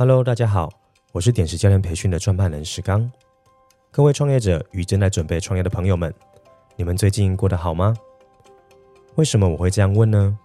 Hello，大家好，我是點拾教練培訓的創辦人石剛。各位創業者與正在準備創業的朋友們，你們最近過得好嗎？為什麼我會這樣問呢？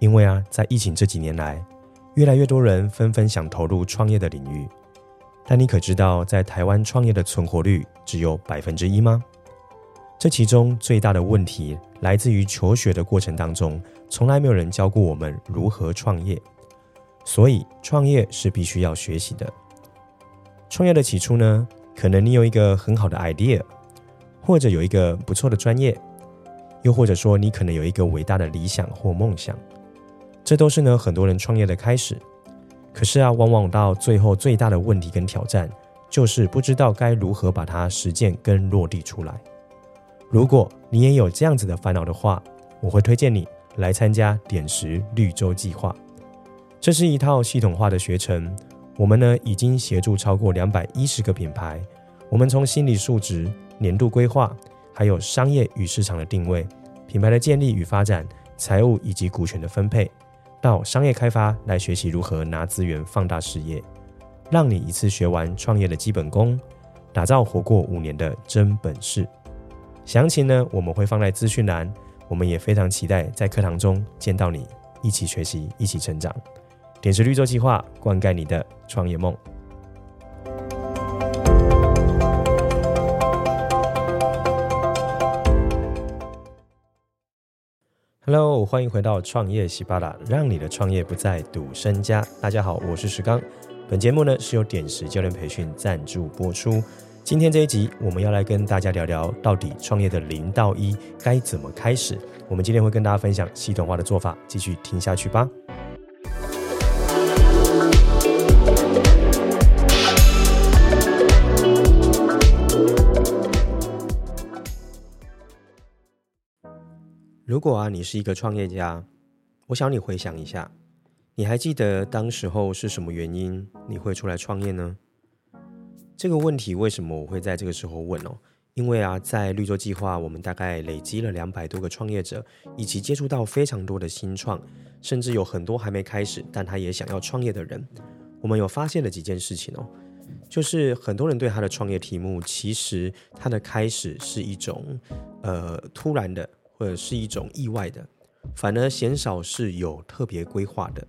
因為啊，在疫情這幾年來，越來越多人紛紛想投入創業的領域。但你可知道，在台灣創業的存活率只有百分之一嗎？這其中最大的問題，來自於求學的過程當中，從來沒有人教過我們如何創業。所以，創業是必須要學習的。創業的起初呢，可能你有一個很好的 idea，或者有一個不錯的專業，又或者說你可能有一個偉大的理想或夢想，這都是呢很多人創業的開始。可是啊，往往到最後最大的問題跟挑戰，就是不知道該如何把它實踐跟落地出來。如果你也有這樣子的煩惱的話，我會推薦你來參加點拾綠洲計畫。這是一套系統化的學程，我們呢已經協助超過兩百一十個品牌。我們從心理素質、年度規劃，還有商業與市場的定位、品牌的建立與發展、財務以及股權的分配，到商業開發，來學習如何拿資源放大事業，讓你一次學完創業的基本功，打造活過五年的真本事。詳情呢我們會放在資訊欄，我們也非常期待在課堂中見到你，一起學習，一起成長。點拾綠洲計劃，灌溉你的創業夢。Hello，歡迎回到創業喜巴拉，讓你的創業不再賭身家。大家好，我是石剛。本節目呢是由點拾教練培訓贊助播出。今天這一集，我們要來跟大家聊聊，到底創業的零到一該怎麼開始。我們今天會跟大家分享系統化的做法，繼續聽下去吧。如果啊，你是一個創業家，我想你回想一下，你還記得當時候是什麼原因你會出來創業呢？這個問題為什麼我會在這個時候問哦？因為啊，在綠洲計劃，我們大概累積了兩百多個創業者，以及接觸到非常多的新創，甚至有很多還沒開始，但他也想要創業的人，我們有發現了幾件事情哦，就是很多人對他的創業題目，其實他的開始是一種呃突然的。或者是一種意外的，反而鮮少是有特別規劃的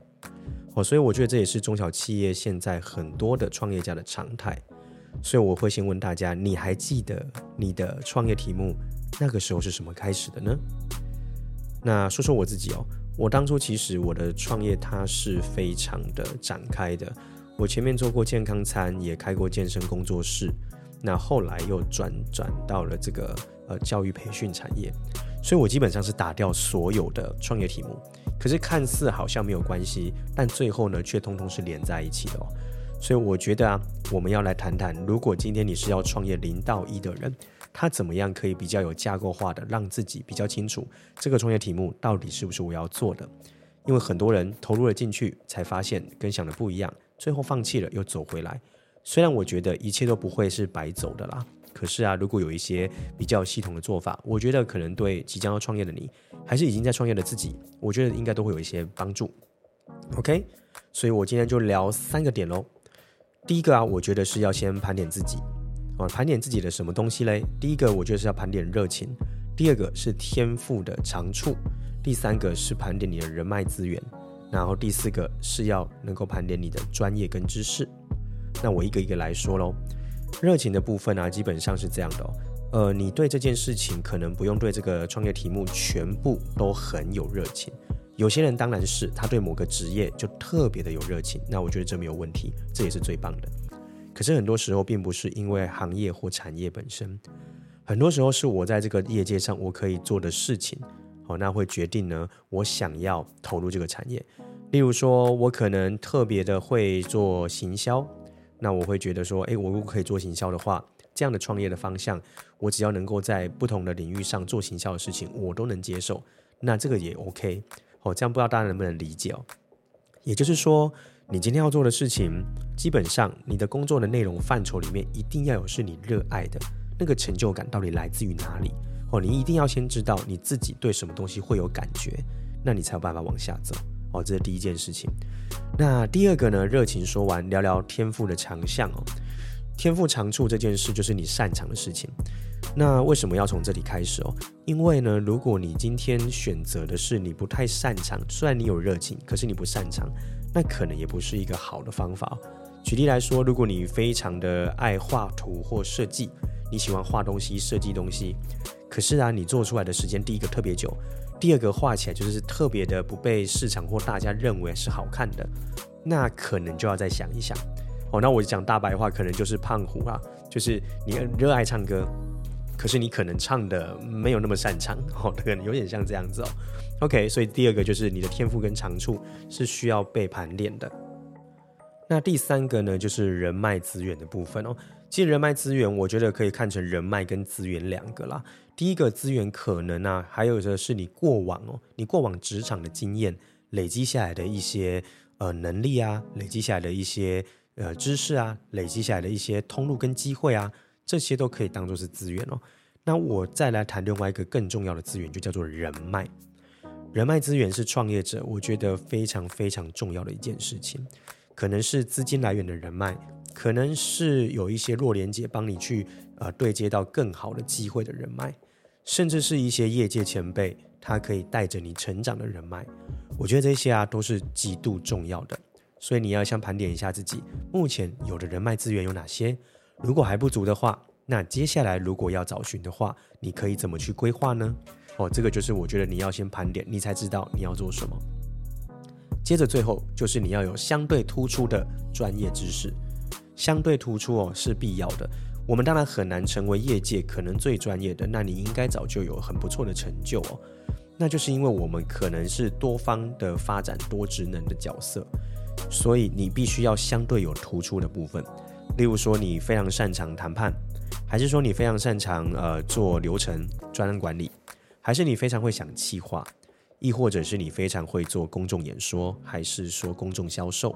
哦。所以我覺得這也是中小企業現在很多的創業家的常態。所以我會先問大家，你還記得你的創業題目那個時候是什麼開始的呢？那說說我自己哦，我當初其實我的創業它是非常的展開的。我前面做過健康餐，也開過健身工作室，那後來又轉轉到了這個呃教育培訓產業。所以我基本上是打掉所有的創業題目，可是，看似好像沒有關係，但最後呢，卻通通是連在一起的哦。所以我覺得啊，我們要來談談，如果今天你是要創業零到一的人，他怎麼樣可以比較有架構化的，讓自己比較清楚這個創業題目到底是不是我要做的？因為很多人投入了進去，才發現跟想的不一樣，最後放棄了又走回來。雖然我覺得一切都不會是白走的啦。可是啊，如果有一些比較系統的做法，我覺得可能對即將要創業的你，還是已經在創業的自己，我覺得應該都會有一些幫助。OK，所以我今天就聊三個點嘍。第一個啊，我覺得是要先盤點自己啊，盤點自己的什麼東西嘞？第一個我覺得是要盤點熱情，第二個是天賦的長處，第三個是盤點你的人脈資源，然後第四個是要能夠盤點你的專業跟知識。那我一個一個來說嘍。熱情的部分啊，基本上是這樣的哦，呃，你對這件事情可能不用對這個創業題目全部都很有熱情。有些人當然是他對某個職業就特別的有熱情，那我覺得這沒有問題，這也是最棒的。可是很多時候並不是因為行業或產業本身，很多時候是我在這個業界上我可以做的事情，好，那會決定呢，我想要投入這個產業。例如說，我可能特別的會做行銷。那我會覺得說，誒，我如果可以做行銷的話，這樣的創業的方向，我只要能夠在不同的領域上做行銷的事情，我都能接受。那這個也 OK，哦，這樣不知道大家能不能理解哦？也就是說，你今天要做的事情，基本上你的工作的內容範疇裡面，一定要有是你熱愛的。那個成就感，到底來自於哪裡？哦，你一定要先知道你自己對什麼東西會有感覺，那你才有辦法往下走。哦，這是第一件事情。那第二個呢？熱情說完，聊聊天賦的長項哦。天賦長處這件事，就是你擅長的事情。那為什麼要從這裡開始哦？因為呢，如果你今天選擇的是你不太擅長，雖然你有熱情，可是你不擅長，那可能也不是一個好的方法哦。舉例來說，如果你非常的愛畫圖或設計，你喜歡畫東西、設計東西，可是啊，你做出來的時間第一個特別久，第二個畫起來就是特別的不被市場或大家認為是好看的，那可能就要再想一想。哦，那我講大白話，可能就是胖虎啊，就是你熱愛唱歌，可是你可能唱的沒有那麼擅長，哦，可能有點像這樣子哦。OK，所以第二個就是你的天賦跟長處是需要被盤點的。那第三個呢，就是人脈資源的部分哦。其實人脈資源，我覺得可以看成人脈跟資源兩個啦。第一個資源可能啊，還有就是你過往哦，你過往職場的經驗累積下來的一些呃能力啊，累積下來的一些呃知識啊，累積下來的一些通路跟機會啊，這些都可以當做是資源哦。那我再來談另外一個更重要的資源，就叫做人脈。人脈資源是創業者我覺得非常非常重要的一件事情。可能是資金來源的人脈，可能是有一些弱連接幫你去呃對接到更好的機會的人脈，甚至是一些業界前輩，他可以帶着你成長的人脈。我覺得這些啊都是極度重要的，所以你要先盤點一下自己目前有的人脈資源有哪些。如果還不足的話，那接下來如果要找尋的話，你可以怎麼去規劃呢？哦，這個就是我覺得你要先盤點，你才知道你要做什麼。接着最後就是你要有相對突出的專業知識，相對突出哦，是必要的。我們當然很難成為業界可能最專業的，那你應該早就有很不錯的成就哦。那就是因為我們可能是多方的發展多職能的角色，所以你必須要相對有突出的部分。例如說你非常擅長談判，還是說你非常擅長呃做流程專案管理，還是你非常會想企劃。亦或者是你非常會做公眾演說，還是說公眾銷售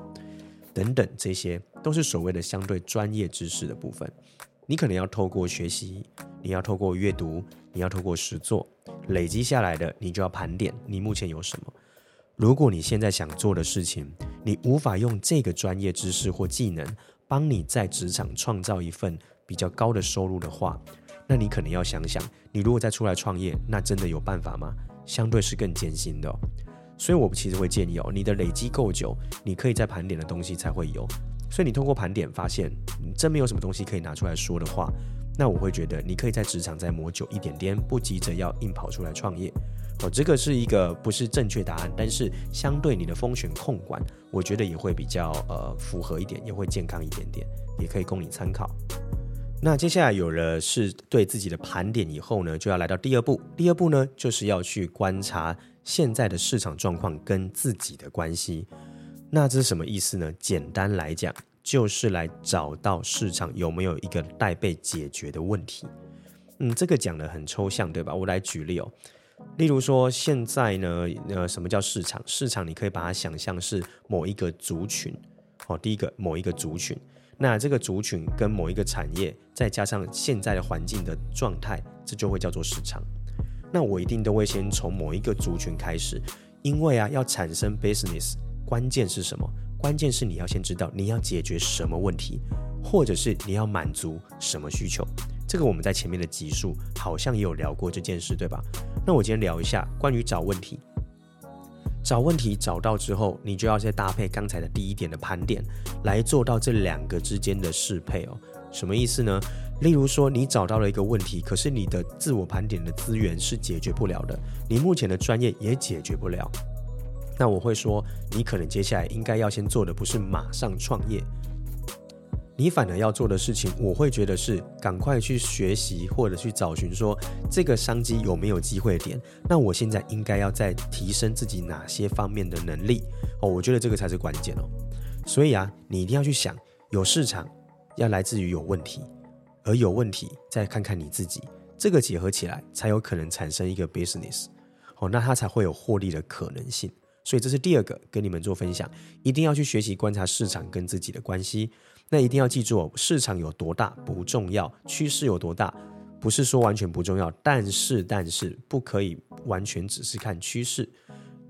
等等，這些都是所謂的相對專業知識的部分。你可能要透過學習，你要透過閱讀，你要透過實作，累積下來的，你就要盤點你目前有什麼。如果你現在想做的事情，你無法用這個專業知識或技能，幫你在職場創造一份比較高的收入的話，那你可能要想想，你如果再出來創業，那真的有辦法嗎？相對是更艱辛的哦，所以我其實會建議哦，你的累積夠久，你可以在盤點的東西才會有。所以你通過盤點發現你真沒有什麼東西可以拿出來說的話，那我會覺得你可以在職場再磨久一點點，不急着要硬跑出來創業。哦，這個是一個不是正確答案，但是相對你的風險控管，我覺得也會比較呃符合一點，也會健康一點點，也可以供你參考。那接下來有了是對自己的盤點以後呢，就要來到第二步。第二步呢，就是要去觀察現在的市場狀況跟自己的關係。那這是什麼意思呢？簡單來講，就是來找到市場有沒有一個待被解決的問題。嗯，這個講得很抽象，對吧？我來舉例哦。例如說，現在呢，呃，什麼叫市場？市場你可以把它想象是某一個族群，哦，第一個某一個族群。那這個族群跟某一個產業，再加上現在的環境的狀態，這就會叫做市場。那我一定都會先從某一個族群開始，因為啊，要產生 business，關鍵是什麼？關鍵是你要先知道你要解決什麼問題，或者是你要滿足什麼需求。這個我們在前面的集數好像也有聊過這件事，對吧？那我今天聊一下關於找問題。找問題找到之後，你就要再搭配剛才的第一點的盤點，來做到這兩個之間的適配哦。什麼意思呢？例如說，你找到了一個問題，可是你的自我盤點的資源是解決不了的，你目前的專業也解決不了，那我會說，你可能接下來應該要先做的不是馬上創業。你反而要做的事情，我會覺得是趕快去學習，或者去找尋說這個商機有沒有機會點。那我現在應該要再提升自己哪些方面的能力？哦，我覺得這個才是關鍵哦。所以啊，你一定要去想，有市場要來自於有問題，而有問題再看看你自己，這個結合起來才有可能產生一個 business。哦，那它才會有獲利的可能性。所以這是第二個跟你們做分享，一定要去學習觀察市場跟自己的關係。那一定要記住哦，市場有多大不重要，趨勢有多大不是說完全不重要，但是但是不可以完全只是看趨勢。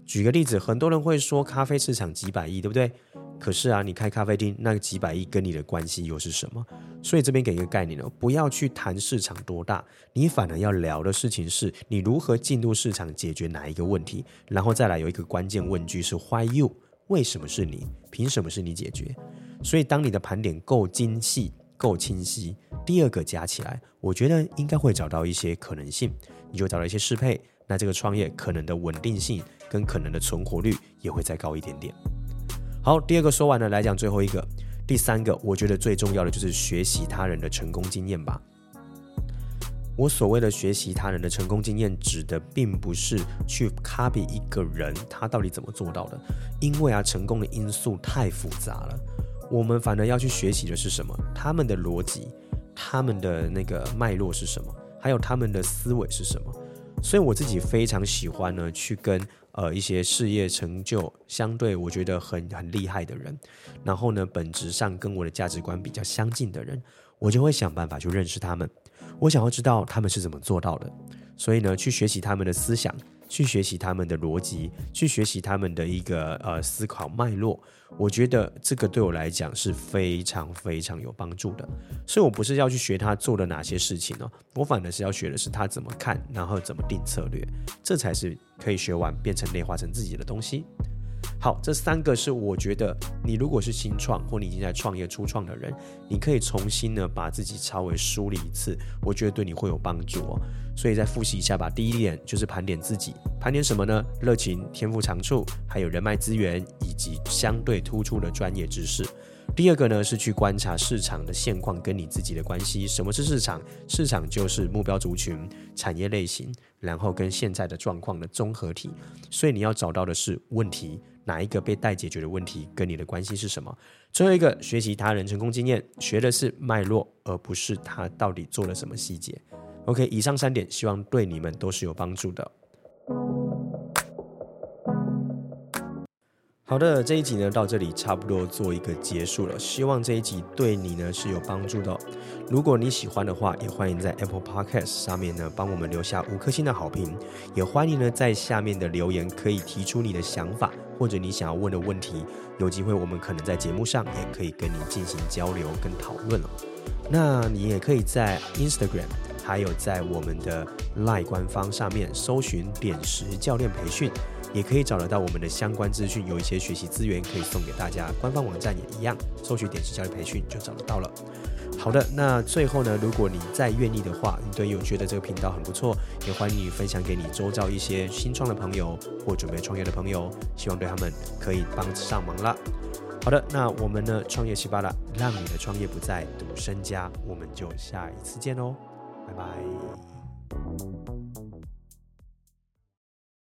舉個例子，很多人會說咖啡市場幾百億，對不對？可是啊，你開咖啡店，那幾百億跟你的關係又是什麼？所以這邊給一個概念呢、哦，不要去談市場多大，你反而要聊的事情是你如何進入市場，解決哪一個問題，然後再來有一個關鍵問句是 Why you？為什麼是你？憑什麼是你解決？所以，當你的盤點夠精細、夠清晰，第二個加起來，我覺得應該會找到一些可能性，你就找到一些適配，那這個創業可能的穩定性跟可能的存活率也會再高一點點。好，第二個說完了，來講最後一個，第三個，我覺得最重要的就是學習他人的成功經驗吧。我所謂的學習他人的成功經驗，指的並不是去 copy 一個人他到底怎麼做到的，因為啊，成功的因素太複雜了。我們反而要去學習的是什麼？他們的邏輯，他們的那個脈絡是什麼？還有他們的思維是什麼？所以我自己非常喜歡呢，去跟呃一些事業成就相對我覺得很很厲害的人，然後呢，本質上跟我的價值觀比較相近的人，我就會想辦法去認識他們。我想要知道他們是怎麼做到的，所以呢，去學習他們的思想。去學習他們的邏輯，去學習他們的一個呃思考脈絡，我覺得這個對我來講是非常非常有幫助的。所以我不是要去學他做了哪些事情哦，我反而是要學的是他怎麼看，然後怎麼定策略，這才是可以學完變成內化成自己的東西。好，這三個是我覺得你如果是新創或你已經在創業初創的人，你可以重新呢把自己稍微梳理一次，我覺得對你會有幫助哦。所以再復習一下吧。第一點就是盤點自己，盤點什麼呢？熱情、天賦、長處，還有人脈資源，以及相對突出的專業知識。第二個呢是去觀察市場的現況跟你自己的關係。什麼是市場？市場就是目標族群、產業類型，然後跟現在的狀況的綜合體。所以你要找到的是問題。哪一個被待解決的問題跟你的關係是什麼？最後一個，學習他人成功經驗，學的是脈絡，而不是他到底做了什麼細節。OK，以上三點，希望對你們都是有幫助的。好的，這一集呢到這裡差不多做一個結束了。希望這一集對你呢是有幫助的哦。如果你喜歡的話，也歡迎在 Apple Podcast 上面呢幫我們留下五顆星的好評。也歡迎呢在下面的留言可以提出你的想法或者你想要問的問題。有機會我們可能在節目上也可以跟你進行交流跟討論哦。那你也可以在 Instagram，還有在我們的 LINE 官方上面搜尋點拾教練培訓。也可以找得到我們的相關資訊，有一些學習資源可以送給大家。官方網站也一樣，搜取點拾教練培訓就找得到了。好的，那最後呢，如果你再願意的話，你對有覺得這個頻道很不錯，也歡迎你分享給你周遭一些新創的朋友或準備創業的朋友，希望對他們可以幫上忙了。好的，那我們呢，創業西吧啦，讓你的創業不再賭身家，我們就下一次見哦，拜拜。